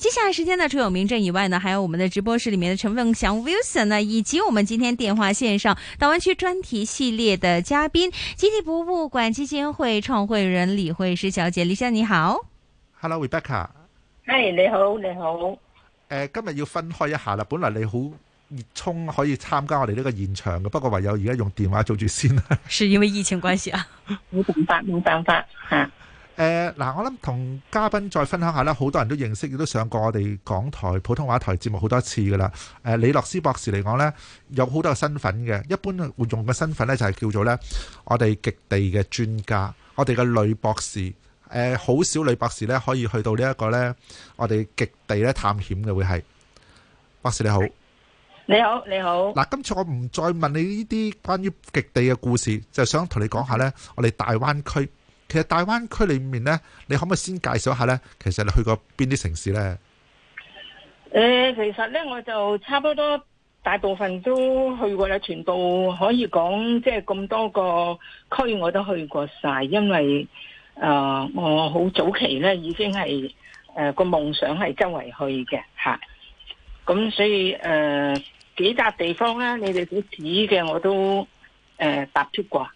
接下來時間呢，除有明正以外呢，還有我們的直播室裏面的陳鳳祥 Wilson 呢，以及我們今天電話線上大灣區專題系列的嘉賓——極地博物館基金會創會人李樂詩小姐。李香，你好。Hello, Rebecca。h 嗨，你好，你好。呃，今日要分開一下啦。本來你好熱衷可以參加我哋呢個現場嘅，不過唯有而家用電話做住先啦。是因為疫情關係啊？冇 辦法，冇辦法啊。誒、呃、嗱，我諗同嘉賓再分享下咧，好多人都認識，亦都上過我哋港台普通話台節目好多次噶啦。誒、呃，李樂詩博士嚟講呢，有好多個身份嘅，一般會用嘅身份呢，就係、是、叫做呢：「我哋極地嘅專家，我哋嘅女博士。誒、呃，好少女博士呢，可以去到呢一個呢——我哋極地咧探險嘅會係博士。你好，你好你好。嗱、呃，今次我唔再問你呢啲關於極地嘅故事，就是、想同你講下呢——我哋大灣區。其實大灣區裏面咧，你可唔可以先介紹下咧？其實你去過邊啲城市咧？誒，其實咧，我就差唔多大部分都去過啦，全部可以講，即係咁多個區我都去過晒，因為誒我好早期咧已經係誒個夢想係周圍去嘅吓，咁所以誒幾笪地方咧，你哋所指嘅我都誒答出過。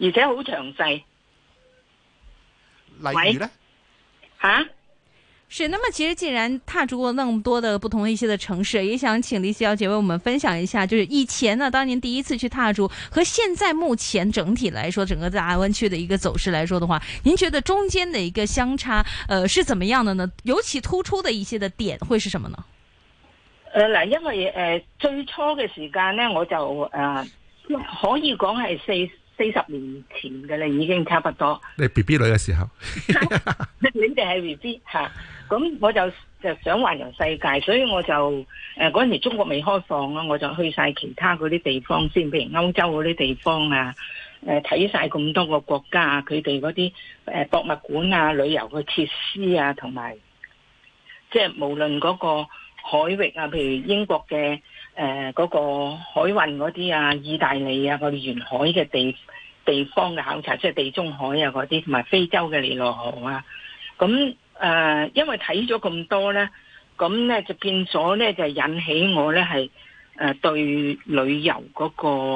而且好詳細，例如呢，吓、啊，是。那麼其實既然踏足過那麼多的不同一些的城市，也想請李小姐為我們分享一下，就是以前呢，當年第一次去踏足，和現在目前整體來說，整個在大灣區的一個走勢來說的話，您覺得中間的一個相差，呃，是怎麼樣的呢？尤其突出的一些的點會是什麼呢？呃，嗱，因為誒、呃、最初嘅時間呢，我就誒、呃、可以講係四。四十年前嘅啦，已經差不多。你係 B B 女嘅時候， 你哋係 B B 嚇，咁我就就想環遊世界，所以我就誒嗰陣時中國未開放咯，我就去晒其他嗰啲地方先，譬如歐洲嗰啲地方啊，誒睇晒咁多個國家，啊，佢哋嗰啲誒博物館啊、旅遊嘅設施啊，同埋即係無論嗰個海域啊，譬如英國嘅。誒、呃、嗰、嗰個海運嗰啲啊，意大利啊、個沿海嘅地地方嘅考察，即係地中海啊嗰啲，同埋非洲嘅尼羅河啊，咁誒、呃，因為睇咗咁多咧，咁咧就變咗咧，就引起我咧係誒對旅遊嗰、嗰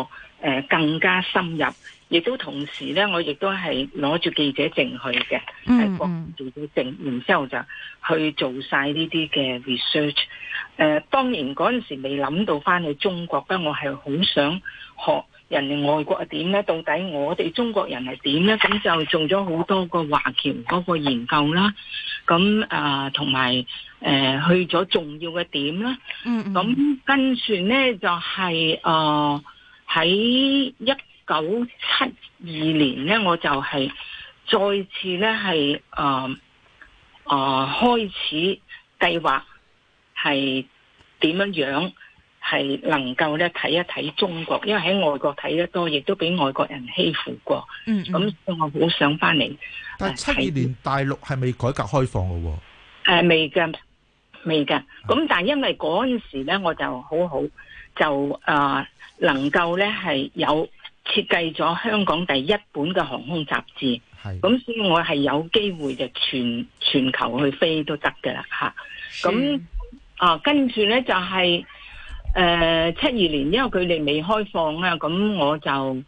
個、呃、更加深入。亦都同時咧，我亦都係攞住記者證去嘅，係攞住個證，然之後就去做曬呢啲嘅 research。誒、呃，當然嗰陣時未諗到翻去中國啦，我係好想學人哋外國係點咧，到底我哋中國人係點咧，咁就做咗好多個華僑嗰個研究啦。咁同埋誒去咗重要嘅點啦。嗯、mm、咁 -hmm. 跟住咧就係、是、喺、呃、一九七二年咧，我就係再次咧係誒誒開始計劃係點樣樣係能夠咧睇一睇中國，因為喺外國睇得多，亦都俾外國人欺負過。嗯，咁、嗯、我好想翻嚟。但七二年、啊、大陸係未改革開放噶喎？誒、呃，未噶，未噶。咁、啊、但係因為嗰陣時咧，我就好好就誒、呃、能夠咧係有。設計咗香港第一本嘅航空雜誌，咁所以我係有機會就全全球去飛都得㗎啦，吓。咁啊，跟住呢就係誒七二年，因為佢哋未開放啊，咁我就誒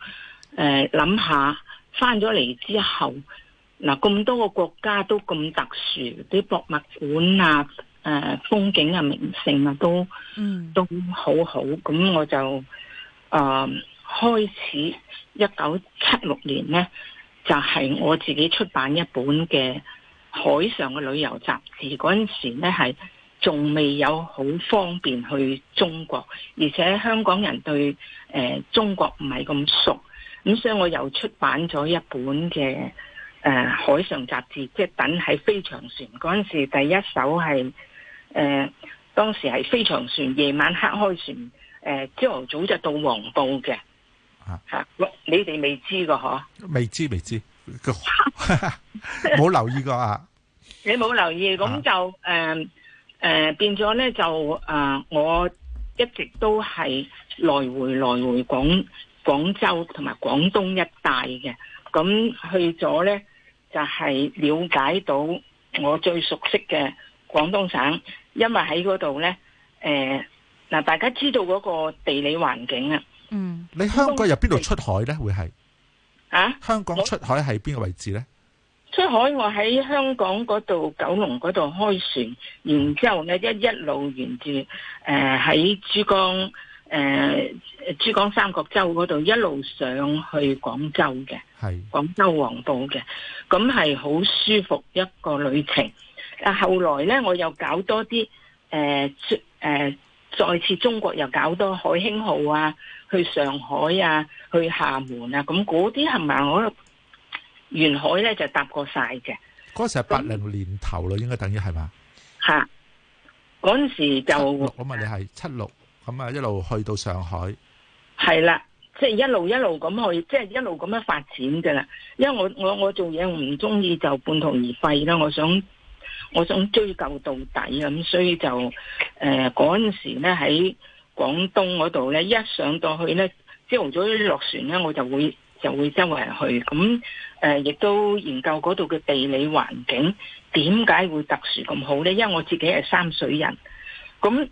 諗下返咗嚟之後，嗱、啊、咁多個國家都咁特殊，啲博物館啊、誒、呃、風景啊、名勝啊都、嗯、都好好，咁我就啊。呃開始一九七六年呢，就係、是、我自己出版一本嘅海上嘅旅遊雜誌嗰陣時呢，係仲未有好方便去中國，而且香港人對、呃、中國唔係咁熟，咁所以我又出版咗一本嘅、呃、海上雜誌，即係等喺飛翔船嗰陣時，第一首係誒當時係飛翔船夜晚黑開船，誒朝頭早就到黃埔嘅。啊、你哋未知㗎嗬？未知未知，冇 留意過啊！你冇留意，咁、啊、就誒誒、呃呃、變咗咧，就、呃、誒我一直都係來回來回廣廣州同埋廣東一帶嘅，咁去咗咧就係、是、了解到我最熟悉嘅廣東省，因為喺嗰度咧誒嗱，大家知道嗰個地理環境啊。嗯，你香港由邊度出海呢？會係啊？香港出海喺邊個位置呢？出海我喺香港嗰度，九龍嗰度開船，然之後呢一一路沿住誒喺珠江誒珠江三角洲嗰度一路上去廣州嘅，係廣州黃埔嘅，咁係好舒服一個旅程。但係後來呢，我又搞多啲誒出誒。再次，中國又搞多海興號啊，去上海啊，去廈門啊，咁嗰啲係咪我沿海咧就搭過晒嘅。嗰時係八零年頭咯，應該等於係嘛？嚇！嗰陣時就我問你係七六，咁啊一路去到上海。係啦，即係一路一路咁去，即係一路咁樣發展嘅啦。因為我我我做嘢唔中意就半途而廢啦，我想。我想追究到底，咁所以就誒嗰陣時咧喺廣東嗰度咧，一上到去咧，朝早落船咧，我就會就會周圍去咁誒，亦、呃、都研究嗰度嘅地理環境點解會特殊咁好咧？因為我自己係三水人，咁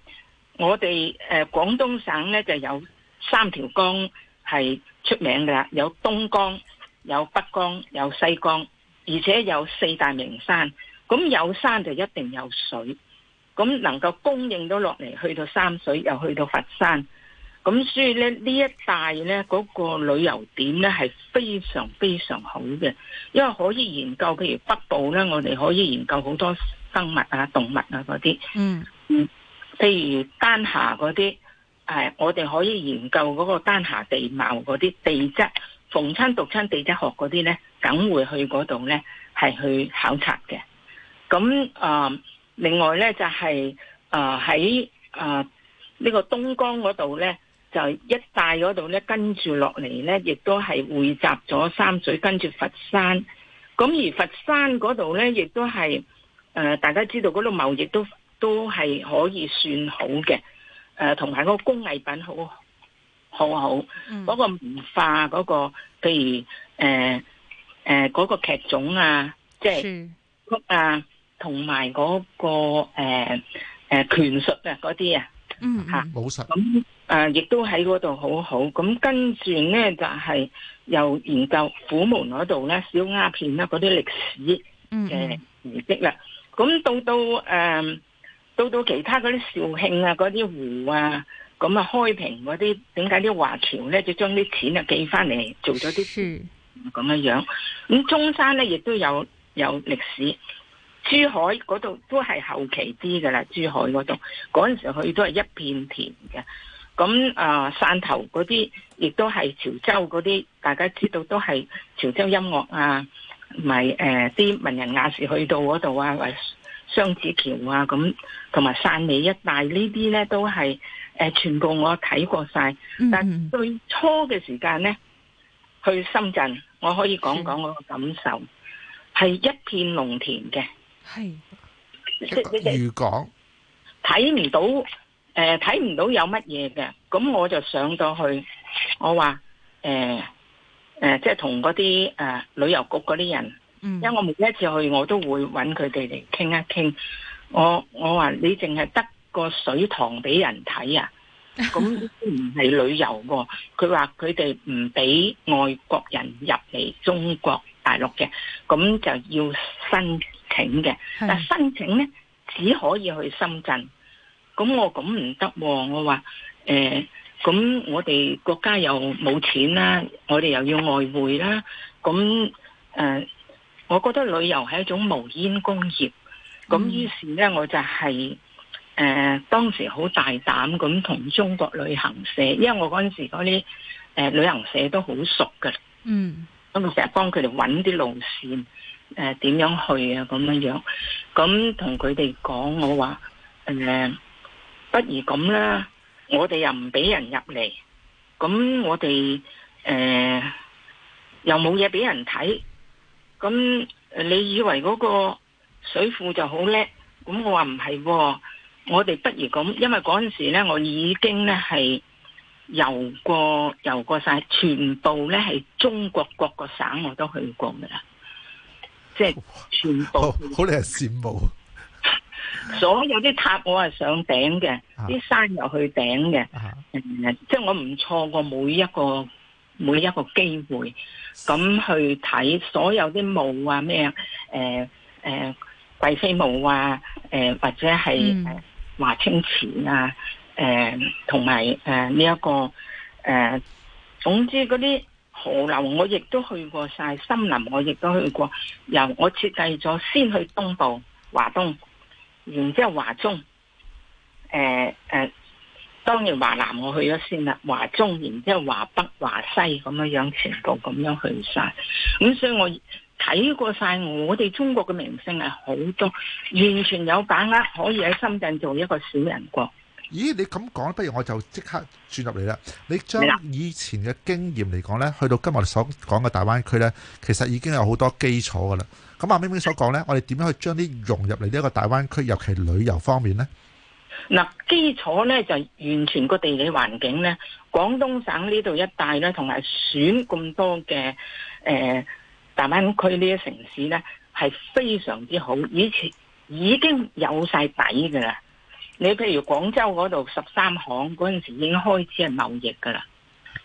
我哋誒、呃、廣東省咧就有三條江係出名噶啦，有東江、有北江、有西江，而且有四大名山。咁有山就一定有水，咁能夠供應到落嚟，去到三水又去到佛山，咁所以咧呢一帶咧嗰個旅遊點咧係非常非常好嘅，因為可以研究，譬如北部咧，我哋可以研究好多生物啊、動物啊嗰啲，嗯嗯，譬如丹霞嗰啲，我哋可以研究嗰個丹霞地貌嗰啲地質，逢親讀親地質學嗰啲咧，梗會去嗰度咧係去考察嘅。咁啊、呃，另外咧就係啊喺啊呢個東江嗰度咧，就一帶嗰度咧跟住落嚟咧，亦都係匯集咗三水跟住佛山。咁而佛山嗰度咧，亦都係誒、呃、大家知道嗰度貿易都都係可以算好嘅。誒、呃，同埋嗰個工藝品好好好，嗰、嗯嗰個文化嗰、嗰個，譬如誒誒嗰個劇種啊，即係曲啊。同埋嗰個誒誒拳術啊，嗰啲啊，嗯嚇武術，咁誒亦都喺嗰度好好。咁跟住咧就係、是、又研究虎門嗰度咧，銷鴉片啦嗰啲歷史嘅遺跡啦。咁、嗯嗯、到到誒、呃、到到其他嗰啲肇慶啊嗰啲湖啊，咁啊開平嗰啲，點解啲華僑咧就將啲錢啊寄翻嚟做咗啲書咁樣樣。咁中山咧亦都有有歷史。珠海嗰度都係後期啲噶啦，珠海嗰度嗰陣時候去都係一片田嘅。咁啊、呃，汕頭嗰啲亦都係潮州嗰啲，大家知道都係潮州音樂啊，同埋誒啲文人雅士去到嗰度啊，或者雙子橋啊，咁同埋汕尾一帶這些呢啲咧都係誒、呃、全部我睇過晒。但最初嘅時間咧，去深圳我可以講講我嘅感受係、嗯、一片農田嘅。係即係你哋如果睇唔到誒，睇唔到有乜嘢嘅，咁我就上咗去。我話誒誒，即係同嗰啲誒旅遊局嗰啲人。因為我每一次去，我都會揾佢哋嚟傾一傾。我我話你淨係得個水塘俾人睇啊，咁都唔係旅遊噶。佢話佢哋唔俾外國人入嚟中國大陸嘅，咁就要新。請嘅，但申請咧只可以去深圳。咁我咁唔得，我話誒，咁、呃、我哋國家又冇錢啦，我哋又要外匯啦。咁誒、呃，我覺得旅遊係一種無煙工業。咁於是咧，我就係、是、誒、呃、當時好大膽咁同中國旅行社，因為我嗰陣時嗰啲誒旅行社都好熟噶。嗯，咁我成日幫佢哋揾啲路線。誒、呃，點樣去啊？咁樣樣，咁同佢哋講，我話誒、呃，不如咁啦，我哋又唔俾人入嚟，咁我哋誒、呃、又冇嘢俾人睇，咁你以為嗰個水庫就好叻？咁我話唔係，我哋不如咁，因為嗰陣時咧，我已經咧係遊過遊過晒，全部咧係中國各個省我都去過噶啦。即、就、係、是、全部好令人羨慕，所有啲塔我係上頂嘅，啲、啊、山又去頂嘅，即、啊、係、嗯就是、我唔錯過每一個每一個機會，咁去睇所有啲墓啊咩啊，誒誒貴妃墓啊，誒、呃、或者係華清池啊，誒同埋誒呢一個誒、呃，總之嗰啲。河流我亦都去過晒，森林我亦都去過。由我設計咗，先去東部、華東，然之後華中，誒、呃、誒、呃，當然華南我去咗先啦，華中，然之後華北、華西咁樣樣，全部咁樣去晒。咁所以我睇過晒，我哋中國嘅名勝係好多，完全有把握可以喺深圳做一個小人國。咦，你咁講，不如我就即刻轉入嚟啦。你將以前嘅經驗嚟講呢，去到今日所講嘅大灣區呢，其實已經有好多基礎噶啦。咁阿明明所講呢，我哋點樣去將啲融入嚟呢一個大灣區，尤其旅遊方面呢？嗱，基礎呢就完全個地理環境呢，廣東省呢度一帶呢，同埋選咁多嘅誒大灣區呢啲城市呢，係非常之好。以前已經有曬底噶啦。你譬如廣州嗰度十三行嗰陣時已經開始係貿易噶啦，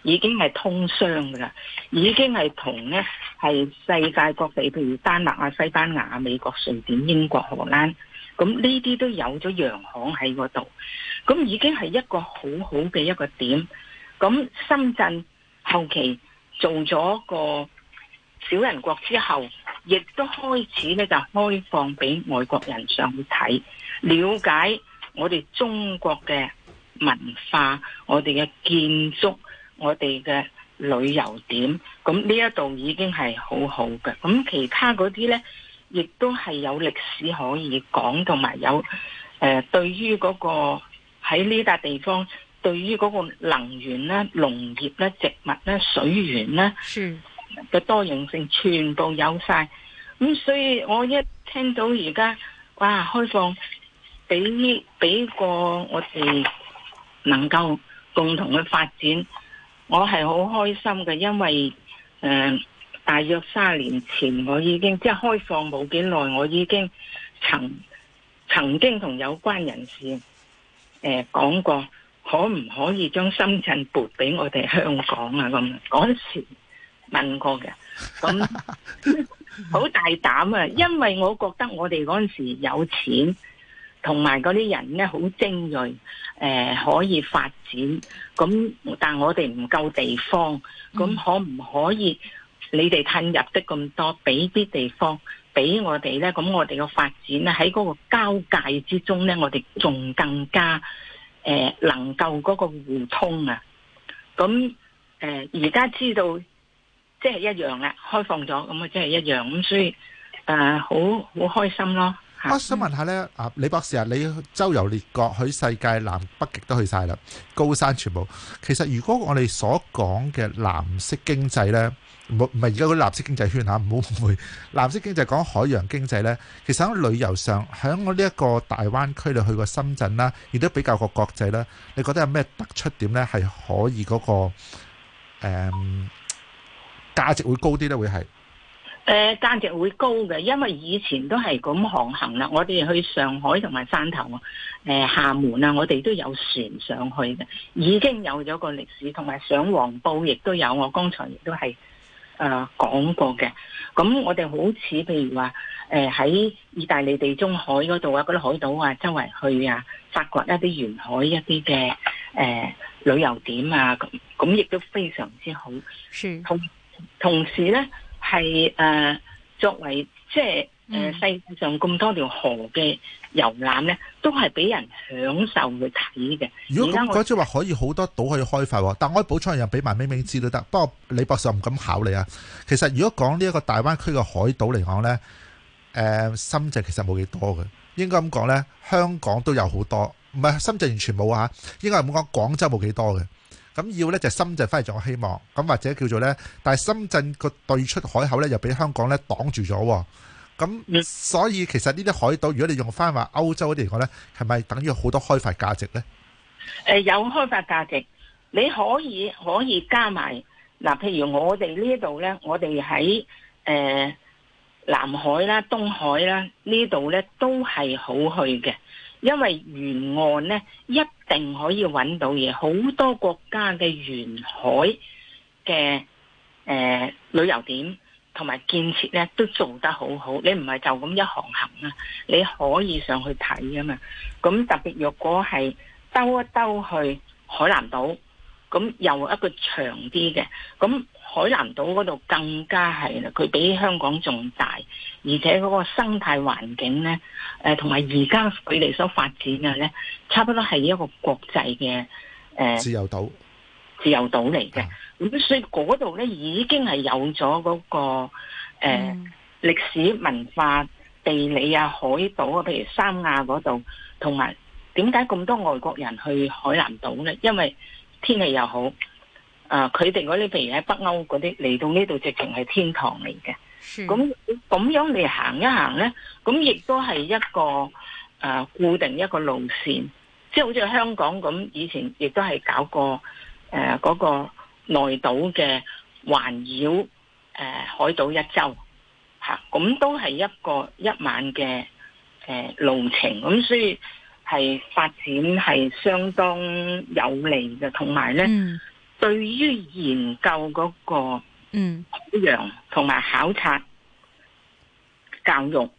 已經係通商噶啦，已經係同呢係世界各地譬如丹麥啊、西班牙、美國、瑞典、英國、荷蘭，咁呢啲都有咗洋行喺嗰度，咁已經係一個好好嘅一個點。咁深圳後期做咗個小人國之後，亦都開始咧就開放俾外國人上去睇、了解。我哋中國嘅文化、我哋嘅建築、我哋嘅旅遊點，咁呢一度已經係好好嘅。咁其他嗰啲呢，亦都係有歷史可以講，同埋有誒、呃、對於嗰個喺呢笪地方，對於嗰個能源啦、農業啦、植物啦、水源啦嘅多樣性，全部有晒。咁所以，我一聽到而家哇開放！俾俾過我哋能夠共同去發展，我係好開心嘅，因為誒、呃、大約三十年前我已經即係開放冇幾耐，我已經曾曾經同有關人士誒、呃、講過，可唔可以將深圳撥俾我哋香港啊咁？嗰時問過嘅，咁好 大膽啊！因為我覺得我哋嗰陣時有錢。同埋嗰啲人咧，好精銳，誒、呃、可以發展。咁，但我哋唔夠地方，咁可唔可以你哋褪入得咁多，俾啲地方俾我哋咧？咁我哋嘅發展咧喺嗰個交界之中咧，我哋仲更加誒、呃、能夠嗰個互通啊！咁誒而家知道即係一樣啦，開放咗咁啊，即係一樣咁，所以誒好好開心咯～我想問下咧，阿李博士啊，你周遊列國，去世界南北極都去晒啦，高山全部。其實如果我哋所講嘅藍色經濟咧，唔唔係而家嗰個藍色經濟圈吓，唔好誤會。藍色經濟講海洋經濟咧，其實喺旅遊上，喺我呢一個大灣區你去過深圳啦，亦都比較過國際啦。你覺得有咩突出點咧，係可以嗰個誒價值會高啲咧？會係？誒、呃，價值會高嘅，因為以前都係咁航行啦。我哋去上海同埋汕頭、誒、呃、廈門啊，我哋都有船上去嘅，已經有咗個歷史。同埋上黃埔亦都有，我剛才亦都係誒講過嘅。咁我哋好似譬如話，誒、呃、喺意大利地中海嗰度啊，嗰啲海島啊周圍去啊，發掘一啲沿海一啲嘅誒旅遊點啊，咁咁亦都非常之好。同是同同時咧。係誒、呃，作為即係誒，世界上咁多條河嘅遊覽咧，都係俾人享受去睇嘅。如果嗰即係話可以好多島可以開發，但係我以補充又俾埋咪啲知道都得。不過李博士我唔敢考你啊。其實如果講呢一個大灣區嘅海島嚟講咧，誒、呃，深圳其實冇幾多嘅。應該咁講咧，香港都有好多，唔係深圳完全冇啊。應該咁講，廣州冇幾多嘅。咁要咧就深圳翻嚟仲有希望，咁或者叫做咧，但係深圳個對出海口咧又俾香港咧擋住咗，咁所以其實呢啲海島，如果你用翻話歐洲嗰啲嚟講咧，係咪等於好多開發價值咧？誒有開發價值，你可以可以加埋嗱，譬如我哋呢度咧，我哋喺誒。呃南海啦、東海啦，呢度呢都係好去嘅，因為沿岸呢一定可以揾到嘢，好多國家嘅沿海嘅、呃、旅遊點同埋建設呢都做得好好。你唔係就咁一行行啊，你可以上去睇啊嘛。咁特別若果係兜一兜去海南島，咁又一個長啲嘅咁。海南島嗰度更加係啦，佢比香港仲大，而且嗰個生態環境咧，誒，同埋而家佢哋所發展嘅咧，差不多係一個國際嘅，誒，自由島，自由島嚟嘅。咁所以嗰度咧已經係有咗嗰個，誒，歷史文化、地理啊、海島啊，譬如三亞嗰度，同埋點解咁多外國人去海南島咧？因為天氣又好。啊、呃！佢哋嗰啲，譬如喺北歐嗰啲嚟到呢度，直情係天堂嚟嘅。咁咁樣嚟行一行咧，咁亦都係一個誒、呃、固定一個路線，即係好似香港咁，以前亦都係搞過誒嗰、呃嗰個內島嘅環繞、呃、海島一周，咁都係一個一晚嘅、呃、路程。咁所以係發展係相當有利嘅，同埋咧。嗯對於研究嗰、那個，嗯，海洋同埋考察教育。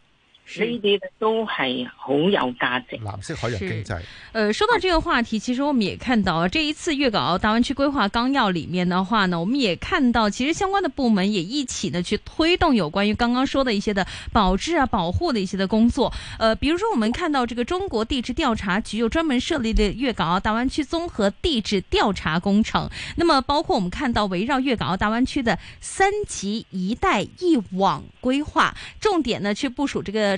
呢啲都係好有價值。藍色海洋經濟。呃，說到這個話題，其實我們也看到，嗯、這一次粵港澳大灣區規劃綱要裏面的話呢，我們也看到，其實相關的部門也一起呢去推動有關於剛剛說的一些的保質啊、保護的一些的工作。呃，比如說我們看到這個中國地質調查局又專門設立的粵港澳大灣區綜合地質調查工程。那麼包括我們看到圍繞粵港澳大灣區的三級一帶一網規劃，重點呢去部署這個。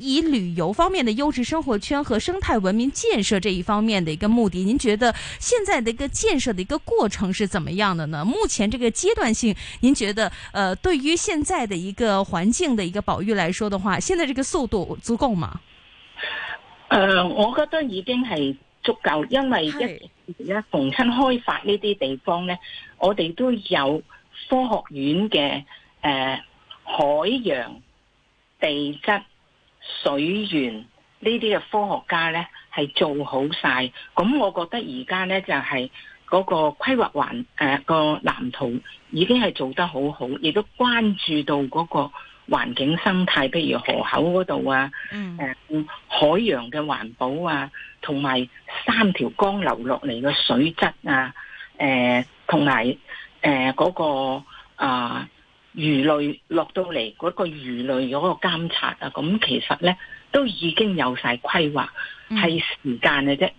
以旅遊方面的優質生活圈和生態文明建設這一方面的一個目的，您覺得現在的一個建設的一個過程是怎麼樣的呢？目前這個階段性，您覺得呃，對於現在的一個環境的一個保育來說的話，現在這個速度足夠嗎？呃，我覺得已經係足夠，因為一而逢親開發呢啲地方呢，我哋都有科學院嘅誒、呃、海洋地質。水源呢啲嘅科學家呢係做好晒。咁我覺得而家呢，就係、是、嗰個規劃環誒個、呃、藍圖已經係做得好好，亦都關注到嗰個環境生態，譬如河口嗰度啊、嗯呃，海洋嘅環保啊，同埋三條江流落嚟嘅水質啊，同埋誒嗰個啊。呃魚類落到嚟嗰、那個魚類嗰個監察啊，咁其實呢都已經有晒規劃，係時間嘅啫。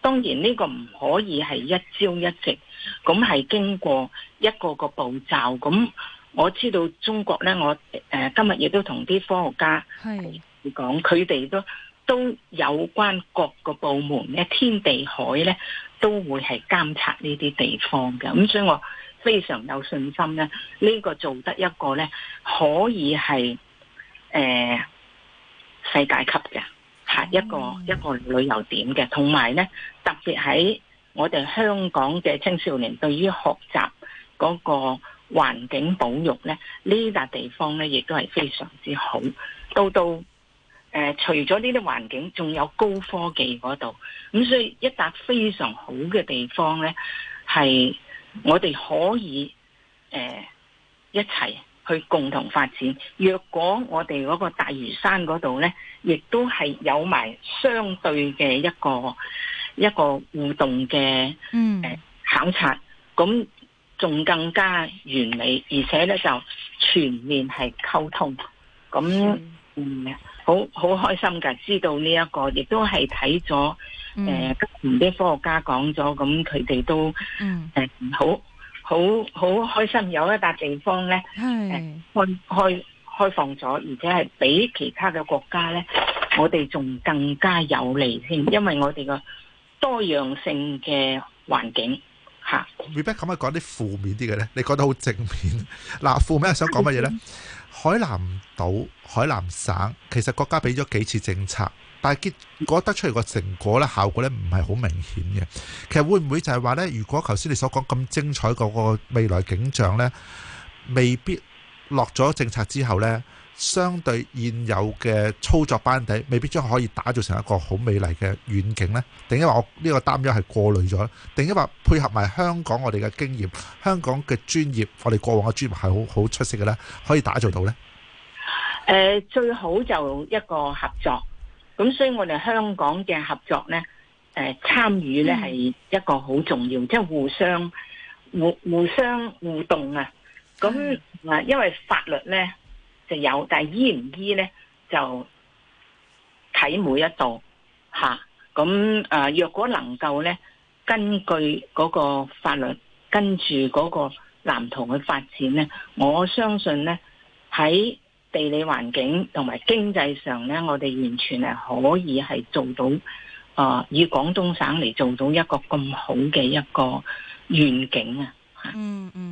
當然呢個唔可以係一朝一夕，咁係經過一個個步驟。咁我知道中國呢，我誒、呃、今日亦都同啲科學家係講，佢哋都都有關各個部門呢，天地海呢都會係監察呢啲地方嘅。咁所以我。非常有信心咧，呢個做得一個咧，可以係誒世界級嘅，係一個一個旅遊點嘅。同埋咧，特別喺我哋香港嘅青少年對於學習嗰個環境保育咧，呢笪地方咧亦都係非常之好。到到誒，除咗呢啲環境，仲有高科技嗰度，咁所以一笪非常好嘅地方咧，係。我哋可以誒、呃、一齊去共同發展。若果我哋嗰個大嶼山嗰度呢，亦都係有埋相對嘅一個一個互動嘅誒、呃嗯、考察，咁仲更加完美，而且呢就全面係溝通。咁嗯，嗯，好好開心㗎，知道呢、這、一個，亦都係睇咗。誒、嗯，今啲科學家講咗，咁佢哋都，誒、嗯，好好好開心，有一笪地方咧，誒，開開開放咗，而且係比其他嘅國家咧，我哋仲更加有利添，因為我哋個多樣性嘅環境嚇。Rebecca，咁咪講啲負面啲嘅咧？你覺得好正面嗱，負、啊、面係想講乜嘢咧？ 海南島、海南省，其實國家俾咗幾次政策。但係結果得出嚟，個成果咧，效果咧唔係好明顯嘅。其實會唔會就係話咧，如果頭先你所講咁精彩嗰個未來景象咧，未必落咗政策之後咧，相對現有嘅操作班底，未必將可以打造成一個好美麗嘅遠景呢？定因為我呢個擔憂係過濾咗？定因為配合埋香港我哋嘅經驗，香港嘅專業，我哋過往嘅專業係好好出色嘅咧，可以打造到呢？誒，最好就一個合作。咁所以我哋香港嘅合作咧，誒，參與咧係一個好重要，即、嗯、係、就是、互相互互相互動啊。咁、嗯、因為法律咧就有，但係醫唔醫咧就睇每一度吓。咁、啊呃、若果能夠咧根據嗰個法律，跟住嗰個藍圖去發展咧，我相信咧喺。在地理環境同埋經濟上咧，我哋完全係可以係做到，啊、呃！以廣東省嚟做到一個咁好嘅一個願景啊！嗯嗯。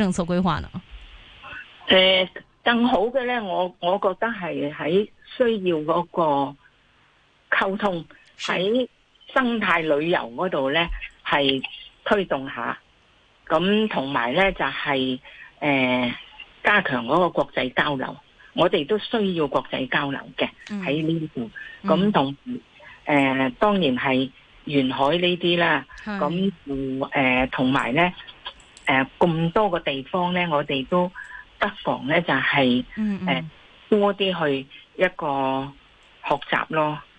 政策規劃呢？誒、呃，更好嘅呢，我我覺得係喺需要嗰個溝通喺生態旅遊嗰度呢係推動下。咁同埋呢，就係、是、誒、呃、加強嗰個國際交流，我哋都需要國際交流嘅喺呢度。咁同誒，當然係沿海呢啲啦。咁誒同埋呢。誒、呃，咁多個地方咧，我哋都不妨咧就係、是、誒、嗯嗯呃、多啲去一個學習咯。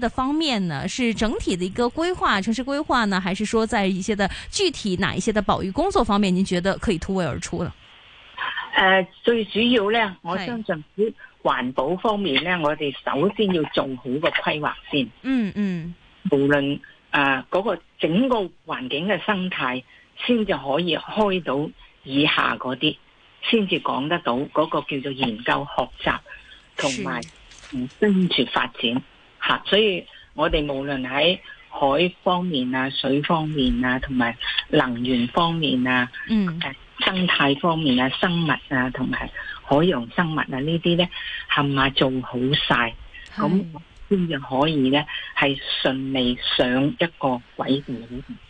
的方面呢，是整體的一個規劃，城市規劃呢，還是說在一些的具體哪一些的保育工作方面，您覺得可以突圍而出呢？誒、呃，最主要呢，我相信環保方面呢，我哋首先要做好個規劃先。嗯嗯，無論誒嗰、呃那個整個環境嘅生態，先至可以開到以下嗰啲，先至講得到嗰個叫做研究學習同埋跟住發展。所以我哋無論喺海方面啊、水方面啊、同埋能源方面啊、嗯生態方面啊、生物啊、同埋海洋生物啊呢啲呢，係咪做好晒？咁先至可以呢，係順利上一個軌道。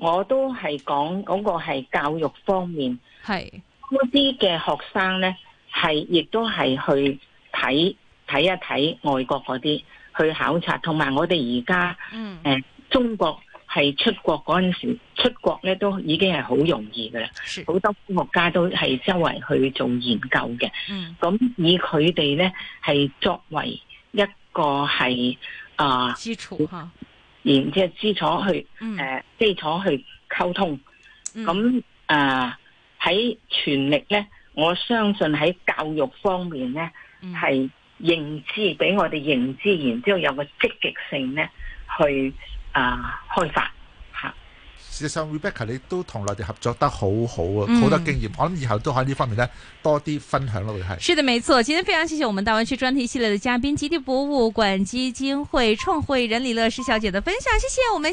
我都係講嗰個係教育方面，係嗰啲嘅學生咧，係亦都係去睇睇一睇外國嗰啲去考察，同埋我哋而家，嗯，誒、呃，中國係出國嗰陣時，出國咧都已經係好容易噶啦，好多科學家都係周圍去做研究嘅，嗯，咁以佢哋咧係作為一個係啊基礎哈。然之後基礎去誒基礎去溝通，咁啊喺全力咧，我相信喺教育方面咧，係認知俾我哋認知，然之後有個積極性咧，去啊、呃、開發。事實上，Rebecca 你都同內地合作得好好啊，好、嗯、多經驗，我諗以後都可以呢方面咧多啲分享咯，會係。是的，冇錯，今天非常謝謝我們大灣區專題系列嘅嘉賓，極地博物館基金會創會人李樂詩小姐嘅分享，謝謝我們下